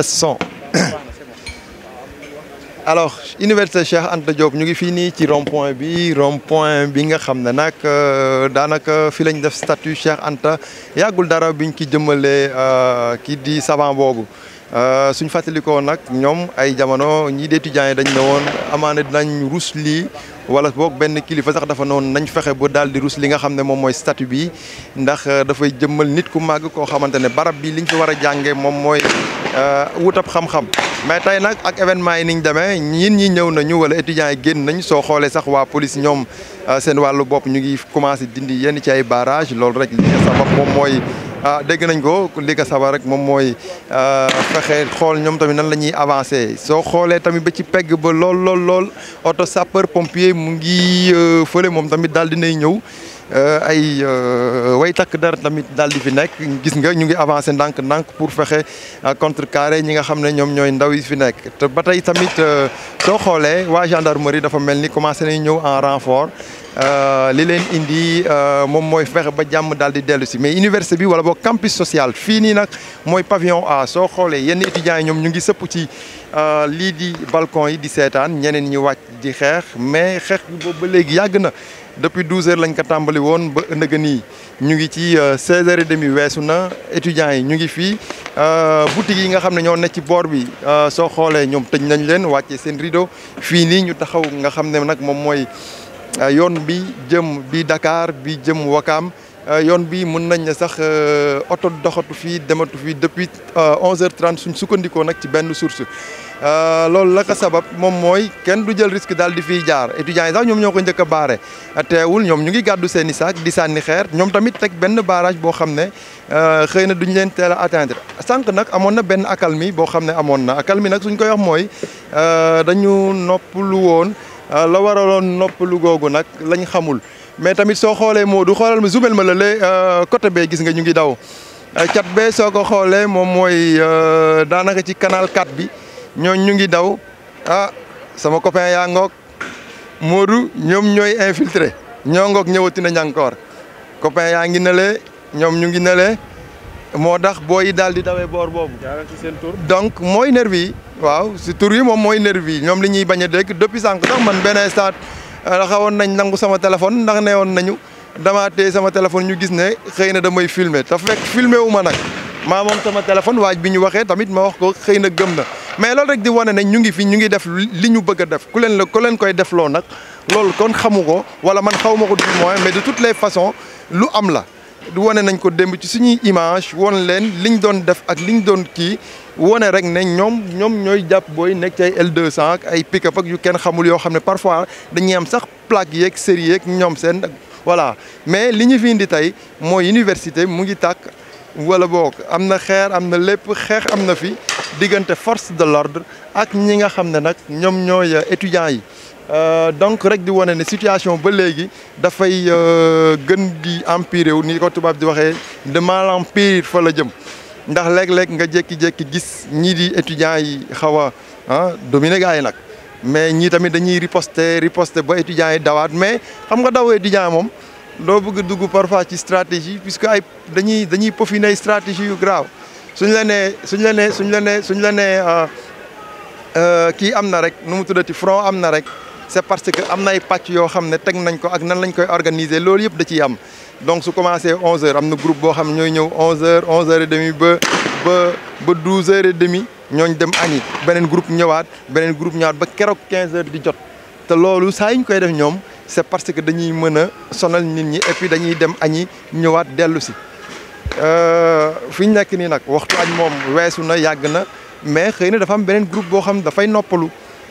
Tesson alors université Cheikh Anta Diop ñu ngi fii nii ci rond point bi rond point bi nga xam ne nag euh, daanaka fi lañ def statut Cheikh Anta yàggul dara biñ ki jëmalee euh, kii di savant boobu euh, suñ fàttalikoo nag ñoom ay jamono ñii di étudiants yi dañ ne woon amaana dinañ rus lii wala boog benn kilifa sax dafa noonu nañ fexe ba daal di rus li nga xam ne moom mooy statut bi ndax dafay jëmmal nit ku màgg koo xamante ne barab bi liñ fi war a jàngee moom mooy. Euh, wutab xam-xam mais tey nag ak événement yi niñ demee ñin ñi ñëw nañu wala étudiants yi génn nañu soo xoolee sax waa police ñoom euh, seen wàllu bopp ñu ngi commencé dindi yenn ci ay barrage loolu rek li nga moom mooy ah dégg nañ ko li nga sabab rek moom mooy euh, fexe xool ñoom tamit nan la ñuy avancé soo xoolee tamit ba ci pegg ba lool lool lool oto sapeur pompier mu ngi fële moom tamit daal dinay ñëw Euh, ay euh, way takk dar tamit daal di fi nekk gis nga ñu ngi avancé ndànk-ndànk pour fexe euh, contre carré ñi nga xam ne ñoom ñooy ndaw yi fi nekk te ba tey tamit soo xoolee waa gendarmerie dafa mel ni commencé nañ ñëw en renfort. Euh, li leen indi euh, moom mooy fexe ba jàmm daal di dellu si mais université bi wala boog campus social fii nii nag mooy pavillon A soo xoolee yenn étudiants yi ñoom ñu ngi sëpp ci euh, lii di balcon yi di seetaan ñeneen ñi wàcc di xeex mais xeex bi boobu ba léegi yàgg na depuis 12 heures lañ ko tàmbali woon ba ëndëg nii ñu ngi ci 16 demi weesu na étudiants yi ñu ngi fii boutiques yi nga xam ne ñoo nekk ci boor bi soo xoolee ñoom tëj nañ leen wàccee seen rideau fii nii ñu taxaw nga xam ne nag moom mooy. Euh, yon bi jëm bi Dakar bi jëm Wakam euh, yon bi mën nañ ne sax auto euh, doxatu fi dematu fi depuis 11h30 suñ sukkandiko nak ci benn source loolu la ka sabab mom moy kenn du jël risque dal di fi jaar étudiant yi sax ñom ñoko ñëk baaré a ñom ñu ngi gaddu seeni sac di sanni xeer ñom tamit tek benn barrage bo xamné xeyna duñ leen téla atteindre sank nak amon na benn accalmie bo xamné amon na accalmie nak suñ koy wax moy dañu won Euh, la waraloon noppalu googu nag lañ xamul mais tamit soo xoolee Modou xoolal ma zoomel ma la lee euh, côté bee gis nga ñu ngi daw euh, cat bee soo ko xoolee moom mooy daanaka ci kanaal 4 bi ñoo ñu ngi daw ah sama copain yaa ngoog Modou ñoom ñooy infiltré ñoo ngoog ñëwatina ñankoor copain yaa ngi ne lee ñoom ñu ngi ne lee modax tax daldi dawe bor di donc moy nervi yi waaw si tur yi mom moy nervi yi ñoom li ñuy bañ a depuis sank sax man benn instant euh, xawon nañ nangu sama téléphone ndax néwon nañu dama té sama téléphone ñu gis né xeyna na damay filmer te fekk filmer wu ma nag maa moom sama téléphone waaj bi ñu waxee tamit ma wax ko xeyna gëm na. mais lool rek di wane né ñu ngi fi ñu ngi def li ñu bëgg def ku leen la ku leen koy def lo nak lool kon xamu wala man xaw ko du moins mais de toutes les façons lu am la. wane nañ ko démb ci suñuy image woon leen li liñ doon def ak li ñu doon kii wane rek ne ñoom ñoom ñooy jàpp booy nekk ci ay L200 ak ay pick ak yu kenn xamul yoo xam ne parfois dañuy am sax plaque yeeg série yeeg ñoom seen voilà mais li ñu fi indi tey mooy université mu ngi tàkk wala boog am na xeer am na lépp xeex am na fi diggante force de l'ordre ak ñi nga xam ne nag ñoom ñooy étudiants yi Euh, donc rek di wane ne situation ba léegi dafay euh, gën di empiré wu ni ko tubaab di waxee de mal en fa la jëm ndax léeg-léeg nga jékki-jékki gis ñii di étudiants yi xaw a ah yi nag mais ñii tamit dañuy riposter riposter ba étudiants yi dawaat mais xam nga daw étudiants yi moom doo bëgg dugg parfois ci stratégie puisque ay dañuy dañuy peaufiner ay stratégie yu grave suñ la nee suñ la nee suñ la nee suñ la nee euh, kii am na rek nu mu tuddati front am na rek. c'est parce que am na ay pàcc yoo xam ne nañ ko ak nan lañ koy organiser loolu yëpp da ci am donc su commencé 11h am groupe bo xam ñoy ñëw 11h 11h30 ba ba ba 12h30 ñooñ dem añi benen groupe ñëwaat benen groupe ñëwaat ba kérok 15h di jot té loolu sañ koy def ñom c'est parce que dañuy mëna sonal nit ñi et puis dañuy dem ani ñëwaat delu ci euh ñu nekk ni nak waxtu añ mom wessuna na na mais xeyna dafa am benen groupe bo xam fay noppalu.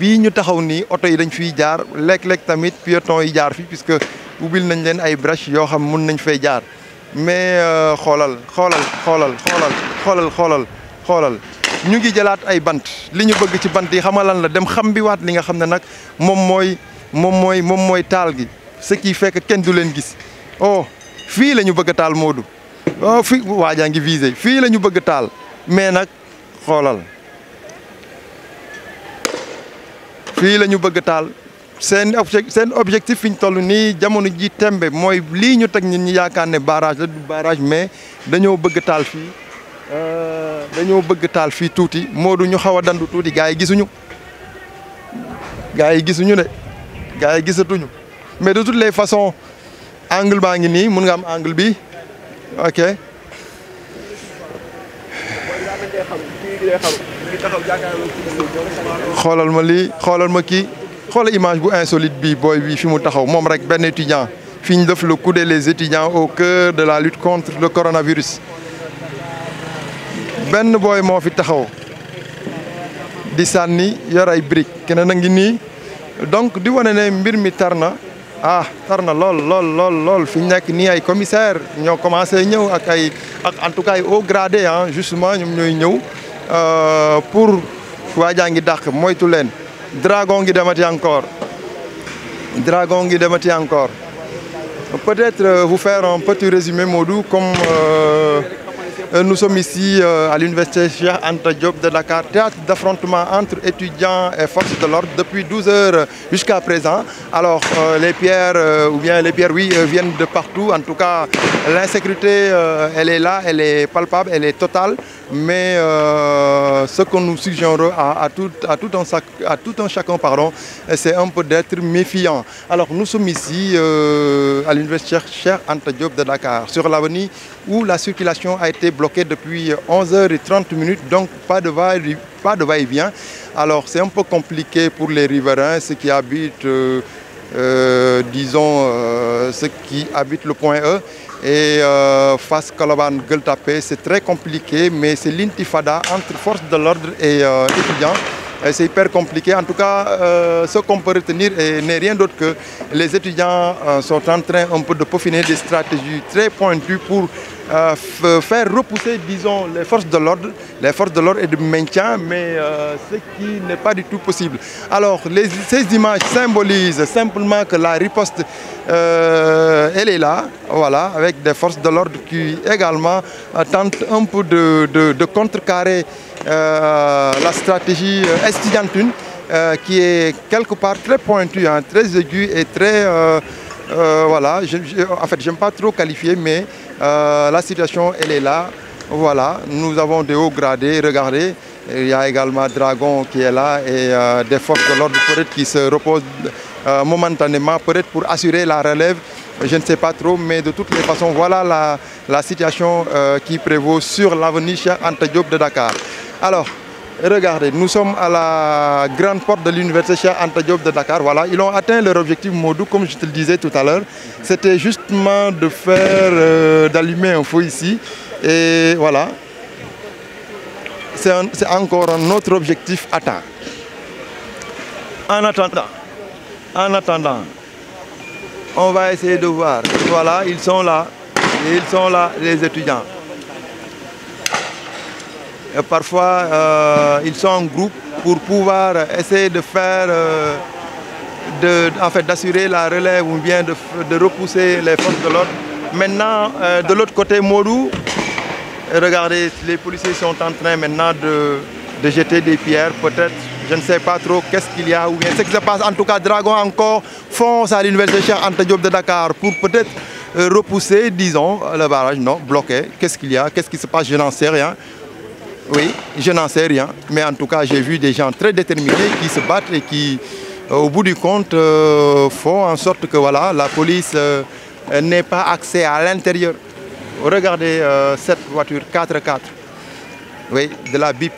bii ñu taxaw nii oto yi dañ fiy jaar léeg-léeg tamit piéton yi jaar fi puisque ubbil nañ leen ay brèche yoo xam mun nañ fay jaar mais euh, xoolal xoolal xoolal xoolal xoolal xoolal xoolal ñu ngi jëlaat ay bant li ñu bëgg ci bant yi xamalan la dem xam bi waat li nga xam ne nag moom mooy moom mooy moom mooy taal gi ce qui fait kenn du leen gis oh fii la ñu bëgg a taal Modou oh fii waajaa ngi visé fii lañu ñu bëgg taal mais nag xoolal fii la ñu bëgg taal seen seen objectif fi ñu toll nii jamono ji tembe mooy lii ñu teg ñun ñu yaakaar ne barrage la du barrage mais dañoo bëgg taal fii euh, dañoo bëgg taal fii tuuti moo du ñu xaw a dandu tuuti gars yi gisuñu gars yi gisuñu de gars yi gisatuñu mais de toutes les façons angle baa ngi nii mun nga am angle bi ok. xolal ma li xolal ma ki xoolal image bu insolite bi boy bi fi mu taxaw mom rek ben étudiant fiñ def le coup des les étudiants au cœur de la lutte contre le coronavirus Ben boy mo fi taxaw di sanni yor ay briques keneen a ngi ni. donc di wane ne mbir mi tarna ah tarna, lol, lol, lol, lool lool fi ñu nekk ay commissaire ñoo commencé ñëw ak ay ak en tout cas ay haut gradé hein justement ñom ñoy ñëw euh, pour waajaa ngi dàq moytu len dragon ngi demati encore dragon ngi demati encore peut-être euh, vous faire un petit résumé Modou comme euh, euh, nous sommes ici euh, à l'université Anta Diop de Dakar, théâtre d'affrontement entre étudiants et forces de l'ordre depuis 12 heures jusqu'à présent. Alors euh, les pierres, ou bien les pierres, oui, viennent de partout. En tout cas, l'insécurité, elle est là, elle est palpable, elle est totale. Mais ce qu'on nous suggère à, tout, à, tout, un, chacun, tout chacun, c'est un peu d'être méfiant. Alors nous sommes ici à l'université Cher Anta de Dakar sur l'avenue où la circulation a été bloquée depuis 11h30 donc pas de va-et-vient. Alors c'est un peu compliqué pour les riverains, ceux qui habitent, euh, euh, disons, euh, ceux qui habitent le point E. Et face colobane Gueltapé, c'est très compliqué, mais c'est l'intifada entre forces de l'ordre et étudiants c'est hyper compliqué. En tout cas, euh, ce qu'on peut retenir n'est rien d'autre que les étudiants euh, sont en train un peu de peaufiner des stratégies très pointues pour euh, faire repousser, disons, les forces de l'ordre, les forces de l'ordre et de maintien, mais ce qui n'est pas du tout possible. Alors, ces images symbolisent simplement que la riposte, elle est là, voilà, avec des forces de l'ordre qui également tentent un peu de contrecarrer euh, la stratégie euh, estudiantine euh, qui est quelque part très pointue, hein, très aiguë et très... voilà, en fait, je n'aime pas trop qualifier, mais la situation, elle est là. Voilà, nous avons des hauts gradés, regardez, il y a également Dragon qui est là et des forces de l'ordre peut qui se reposent momentanément, peut-être pour assurer la relève, je ne sais pas trop, mais de toutes les façons, voilà la, situation qui prévaut sur l'avenir entre Diop de Dakar. Alors, regardez, nous sommes à la grande porte de l'université Cheikh Anta Diop de Dakar. Voilà, ils ont atteint leur objectif Modou, comme je te le disais tout à l'heure. C'était justement de faire, euh, d'allumer un feu ici. Et voilà, c'est encore un autre objectif atteint. En attendant, en attendant, on va essayer de voir. Voilà, ils sont là, ils sont là, les étudiants parfois, euh, ils sont en groupe pour pouvoir essayer de faire, euh, en fait, d'assurer la relève ou bien de, repousser les forces de l'ordre. Maintenant, euh, de l'autre côté, Morou, regardez, les policiers sont en train maintenant de, jeter des pierres, peut-être, je ne sais pas trop qu'est-ce qu'il y a ou bien ce qui se passe. En tout cas, Dragon encore fonce à l'université Cheikh de Dakar pour peut-être repousser, disons, le barrage, non, bloqué. Qu'est-ce qu'il y a Qu'est-ce qui se passe Je n'en sais rien. Oui, je n'en sais rien. Mais en tout cas, j'ai vu des gens très déterminés qui se battent et qui, euh, au bout du compte, euh, font en sorte que voilà, la police euh, n'ait pas accès à l'intérieur. Regardez cette voiture 4x4. Oui, de la BIP.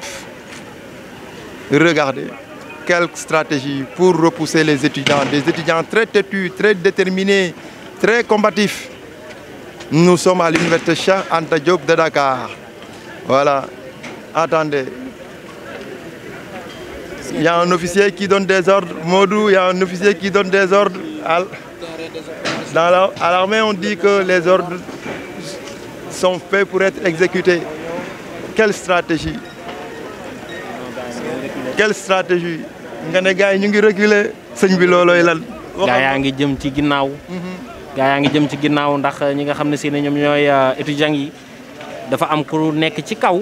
Regardez. quelques stratégies pour repousser les étudiants. Des étudiants très têtus, très déterminés, très combatifs. Nous sommes à l'université Cheikh de Dakar. Voilà, attendez, il y a un officier qui donne des ordres, Modou, il y a un officier qui donne des ordres. À, dans l'armée, on dit que les ordres sont faits pour être exécutés. Quelle stratégie Quelle stratégie nga ne gars yi ñu ngi reculer sëñ bi loolooy lan. gaa yaa ngi jëm ci ginnaaw. gaa yaa ngi jëm ci ginnaaw ndax ñi nga xam ne si ne ñoom ñooy euh, étudiants yi dafa am ku nekk ci kaw.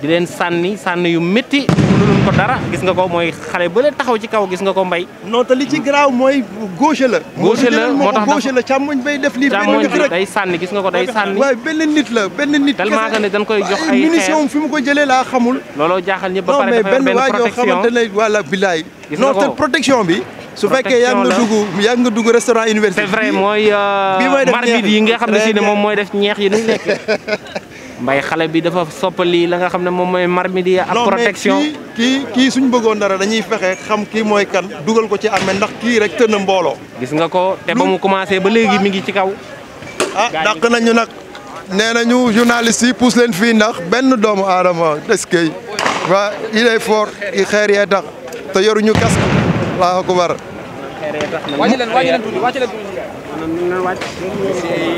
di leen sànni sànni yu métti mënuluñ ko dara gis nga ko mooy xale ba leen taxaw ci kaw gis nga ko mbay non te li ci garaaw mooy gauche la gauche la moo tax gauche la càmmoñ bay def lii càmmoñ bi day sànni gis nga ko day sànni waaye benn nit la benn nit tellement que ne dañ koy jox ay munition fi mu ko jëlee laa xamul looloo jaaxal ñëpp ba pare dafa yor benn protection xamante ne wala bilaay non te protection bi su fekkee yaa nga dugg yaa nga dugg restaurant université c'est vrai mooy euh, marmite yi nga xam ne si ne moom mooy def ñeex yi nuñ lekk mbay xalé bi dafa soppali la nga xamne mom moy marmidi marmidier ak protection ki ki suñu bëggoon dara dañuy fexé xam ki moy kan duggal ko ci armé ndax ki rek tënn mbolo gis nga ko té ba mu commencé ba légui mi ngi ci kaw. ah dàq nañu nak nee journalist yi pousse len fi ndax benn doomu aadama est wa il est fort il xeer ya tax te yoruñu casque laa ko war. xeer yee tax wàcc leen wàcc leen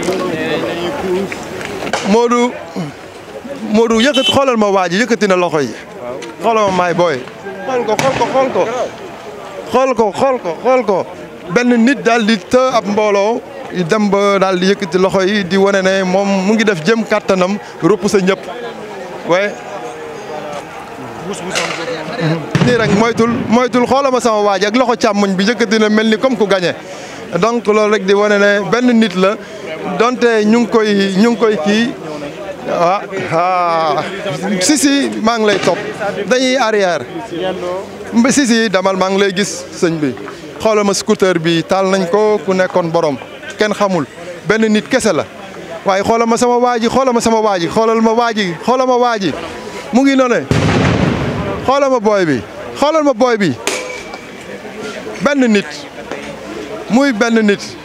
tuuti wàcc modu modu yëkkat xolal ma waji ji na loxoy xolal ma maay boy xol ko xol ko xol ko xol ko xol ko xol ko ben nit dal di te ab mbooloo dem ba dal di yëkkati loxoy di wane ne moom mu ngi def jëm kàttanam rëpp sa ñëpp way ni rek moytul moytul xolama sama waji ak loxo chamuñ bi yëkkati na melni comme ku gagné donc lool rek di wane ne benn nit la donte ñu ngi koy ñu ngi koy kii ah ah maa ngi lay topp dañuy arrière si si damal maa ngi lay gis sëñ bi xoolal ma scooter bi taal nañ ko ku nekkoon borom kenn xamul benn nit kese la waaye xoolal ma sama waa ji xoolal ma sama waa ji xoolal ma waa ji xoolal ma waa ji mu ngi noone xoolal ma booy bi xoolal ma booy bi benn nit muy benn nit.